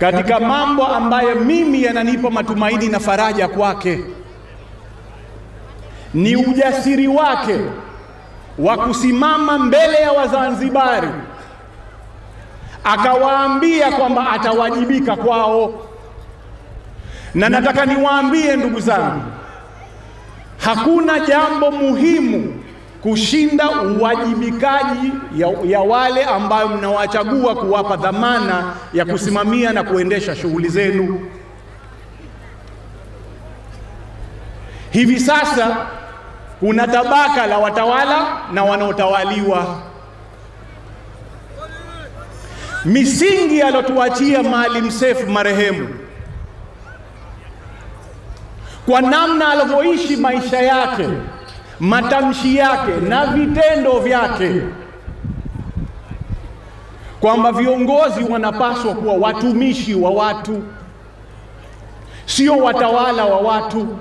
katika mambo ambayo mimi yananipa matumaini na faraja kwake ni ujasiri wake wa kusimama mbele ya Wazanzibari akawaambia kwamba atawajibika kwao. Na nataka niwaambie ndugu zangu, hakuna jambo muhimu kushinda uwajibikaji ya, ya wale ambayo mnawachagua kuwapa dhamana ya kusimamia na kuendesha shughuli zenu. Hivi sasa kuna tabaka la watawala na wanaotawaliwa. Misingi aliyotuachia Maalim Seif marehemu, kwa namna alivyoishi maisha yake matamshi yake na vitendo vyake kwamba viongozi wanapaswa kuwa watumishi wa watu, sio watawala wa watu.